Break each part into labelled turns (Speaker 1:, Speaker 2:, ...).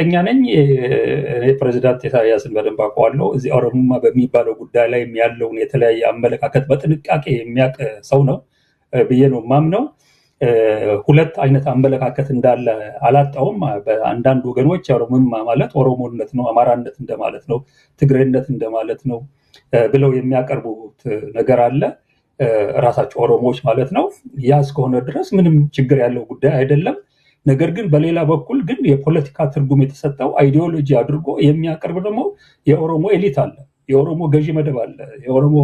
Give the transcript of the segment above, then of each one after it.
Speaker 1: እርግጠኛ ነኝ ፕሬዚዳንት ኢሳያስን በደንብ አውቀዋለሁ። እዚህ ኦሮሙማ በሚባለው ጉዳይ ላይ ያለውን የተለያየ አመለካከት በጥንቃቄ የሚያውቅ ሰው ነው ብዬ ነው ማምነው። ሁለት አይነት አመለካከት እንዳለ አላጣውም። በአንዳንድ ወገኖች ኦሮሙማ ማለት ኦሮሞነት ነው፣ አማራነት እንደማለት ነው፣ ትግሬነት እንደማለት ነው ብለው የሚያቀርቡት ነገር አለ። ራሳቸው ኦሮሞዎች ማለት ነው። ያ እስከሆነ ድረስ ምንም ችግር ያለው ጉዳይ አይደለም። ነገር ግን በሌላ በኩል ግን የፖለቲካ ትርጉም የተሰጠው አይዲዮሎጂ አድርጎ የሚያቀርብ ደግሞ የኦሮሞ ኤሊት አለ፣ የኦሮሞ ገዢ መደብ አለ፣ የኦሮሞ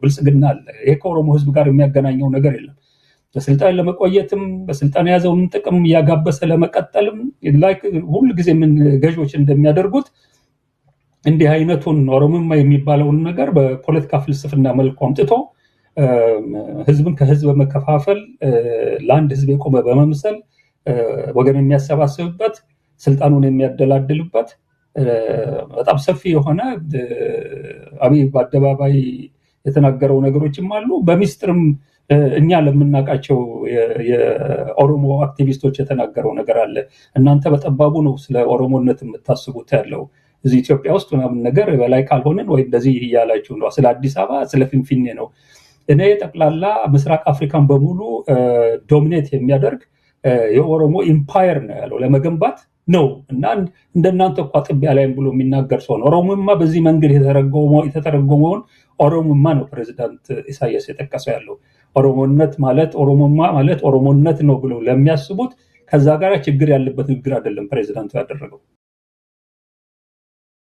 Speaker 1: ብልጽግና አለ። ይሄ ከኦሮሞ ህዝብ ጋር የሚያገናኘው ነገር የለም። በስልጣን ለመቆየትም በስልጣን የያዘውን ጥቅም እያጋበሰ ለመቀጠልም ሁል ጊዜ ምን ገዢዎች እንደሚያደርጉት እንዲህ አይነቱን ኦሮሞማ የሚባለውን ነገር በፖለቲካ ፍልስፍና መልኩ አምጥቶ ህዝብን ከህዝብ በመከፋፈል ለአንድ ህዝብ የቆመ በመምሰል ወገን የሚያሰባስብበት ስልጣኑን የሚያደላድልበት በጣም ሰፊ የሆነ አብይ በአደባባይ የተናገረው ነገሮችም አሉ። በሚስጥርም እኛ ለምናውቃቸው የኦሮሞ አክቲቪስቶች የተናገረው ነገር አለ። እናንተ በጠባቡ ነው ስለ ኦሮሞነት የምታስቡት ያለው እዚህ ኢትዮጵያ ውስጥ ምናምን ነገር በላይ ካልሆንን ወይ እንደዚህ እያላችሁ ነው። ስለ አዲስ አበባ ስለ ፊንፊኔ ነው። እኔ ጠቅላላ ምስራቅ አፍሪካን በሙሉ ዶሚኔት የሚያደርግ የኦሮሞ ኢምፓየር ነው ያለው ለመገንባት ነው እና እንደናንተ እኳ ጥቢያ ላይም ብሎ የሚናገር ሰው ነው። ኦሮሞማ በዚህ መንገድ የተተረጎመውን ኦሮሞማ ነው ፕሬዚዳንት ኢሳያስ የጠቀሰው ያለው። ኦሮሞነት ማለት ኦሮሞማ ማለት ኦሮሞነት ነው ብለው ለሚያስቡት ከዛ ጋር ችግር ያለበት ንግግር አይደለም ፕሬዚዳንቱ ያደረገው።